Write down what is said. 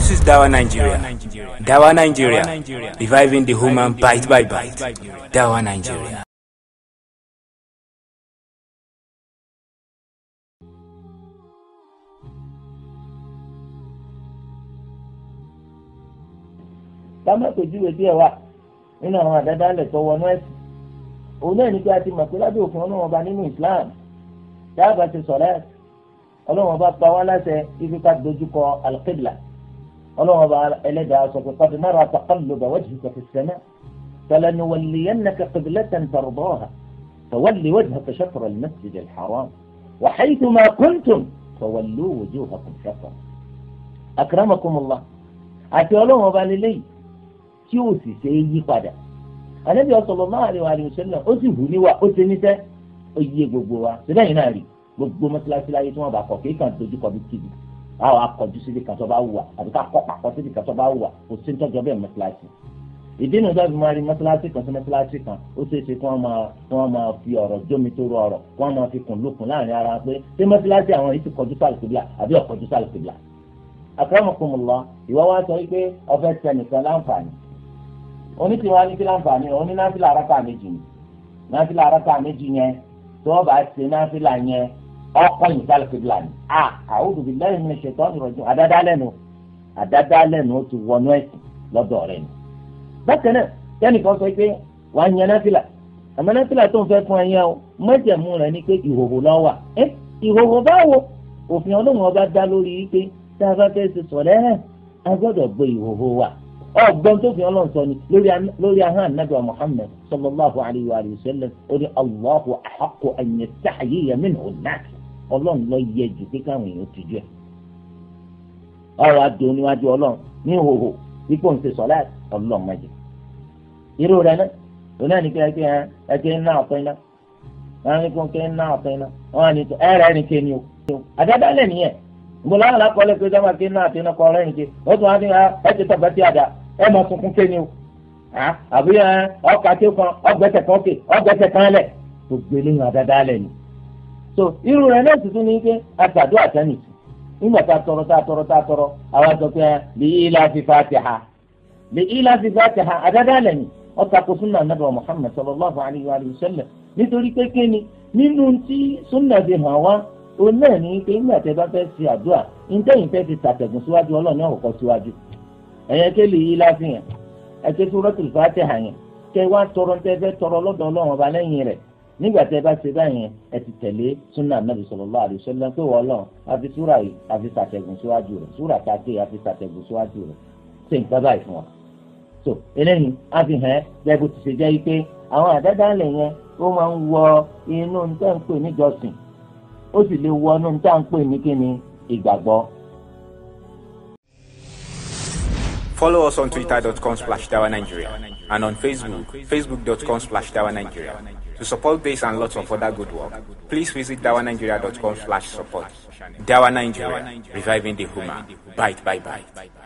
This is Dawa Nigeria. Dawa Nigeria. Reviving the human bite by bite. Dawa Nigeria. lámàpèjúwe díẹ̀ wà ewa. àwọn àdádálẹ̀ tó wọnú ẹ̀sìn òun náà ní pé a ti mọ̀ pé lábẹ́ òfin ọlọ́run ọba nínú Islam dáàbà ti sọ̀rẹ́ ọlọ́run ọba pa wá láṣẹ ibi ká dojúkọ alqibla الله قال قد نرى تقلب وجهك في السماء فلنولينك قبلة ترضاها فول وجهك شطر المسجد الحرام وحيث ما كنتم فولوا وجوهكم شطر أكرمكم الله أتي الله قال لي كيوسي سيجي قدا النبي صلى الله عليه وآله وسلم أسفني وأسنسة أيه قبوا سنعي ناري قبوا مسلا سلا ما باقوا كيف كانت تجي قبوا a wà kọjú síbi kan tó bá wù wá àbí ká kọ́ pàkọ́ síbi kan tó bá wù wá kò sí nítọ́jọ́ bẹ́ẹ̀ mọ́tíláṣí ìdí inú ìjọba ìmọ̀ rí mọ́tíláṣí kan sí mọ́tíláṣí kan ó ṣeé ṣe kí wọ́n máa kí wọ́n máa fi ọ̀rọ̀ jómi tó rọrọ̀ kí wọ́n máa fi kùn lókun láàrin ara pé ṣé mọ́tíláṣí àwọn yìí ti kọjú sáàlù kìbìlà àbí ọ̀kọjú sáàlù kìbìlà. àkàràmọ̀kùnmùlọ ọkọ yìí sálẹ kébìlà ni a àwùjọ bíi lẹ́yìn mi ṣètò ìrọ̀jù àdáda lẹ́nu àdáda lẹ́nu ó ti wọnú ẹ̀sìn lọ́dọ̀ rẹ̀ ni. bákan náà kẹ́nìkan sọ pé wàá yan náfìlà àmọ́ náfìlà tó ń fẹ́ fún ẹyẹ o mọ́jẹ̀mú rẹ̀ ni pé ìhòhò náà wà ẹ́ ìhòhò báwo òfin ọlọ́run ọba dá lórí pé tá a bá fẹ́ ṣe sọ̀rẹ́ hàn a gbọ́dọ̀ gbé ìhòhò wa ọgbọ́n tó fi ọlọ́run sọ ni lórí ahọ́n anabi muhammed sallallahu alayhi wa sallam ó ní allahu ahaqqu an yastahyiya minhu an-nas ọlọ́run lọ yẹ jù pé káwọn èèyàn tìjú ẹ̀ ọ̀rọ̀ àdó níwájú ọlọ́run ní ìhòhò ipò ń ṣe sọ̀lá ọlọ́run má jẹ irú rẹ náà òun náà ní kí ẹkẹ ẹkẹ ńlá ọ̀pẹ iná wọn ní kí ẹkẹ ńlá ọ̀pẹ iná wọn ní tó ẹrẹ ẹni ké ni o àdáda lẹ nìyẹn ìgbòlá àlá kọlẹ pé dáwọn ké ńlá àti iná kọ ọ̀rẹ́ nìké ó tún wá ní ah, ẹ ti tọgbẹ tí a dà ẹ mọ sunkún ké ni o ah, àbí ọkọ àti ọkọ ọgbẹsẹ kan ké ọgbẹsẹ gbogbo eléyìí àdáda lẹ nìyẹn. so irú rẹ̀ náà tuntun ni ike àtàdó àtẹnìtì nígbà tá a tọrọ tá a tọrọ tá a tọrọ àwọn àtọ pé lè ilá fi Fatiha lè ilá fi ha àdáda lẹ́yìn ọ̀tà kò súnà nàbẹ̀ Muhammad sallallahu alayhi wa sallam nítorí pé kéne nínú tí súnà fi hàn wá òun náà ní pé nígbà tẹ bá ṣe fẹ́ ti tàtẹ̀gùn síwájú ọlọ́ọ̀ni ọ̀kọ̀ọ̀kọ̀ síwájú ẹ̀yẹ ké lè ilá fi hàn yẹn wá tọrọ nígbà tí ẹ bá ṣe báyẹn ẹ ti tẹ̀lé súnà nàbì sallallahu alaihi wasallam pé wọ́n lọ àfi súrà yìí àfi sàtẹ̀gùn síwájú rẹ̀ súrà tàkì àfi sàtẹ̀gùn síwájú rẹ̀ ṣe nǹkan báyìí fún wa. so eléyìí á fi hàn ẹ́ bẹ́ẹ̀ bó ti ṣe jẹ́ pé àwọn àdádálẹ̀ yẹn ó máa ń wọ inú ní tẹ́ǹpé ó sì lè wọ inú ní tẹ́ǹpé ní kíni ìgbàgbọ́. Follow us on twitter.com slash and on Facebook, facebook.com slash To support this and lots of other good work, please visit dawanigeria.com slash support. Dawa Nigeria, reviving the human. Bite, bye, bye.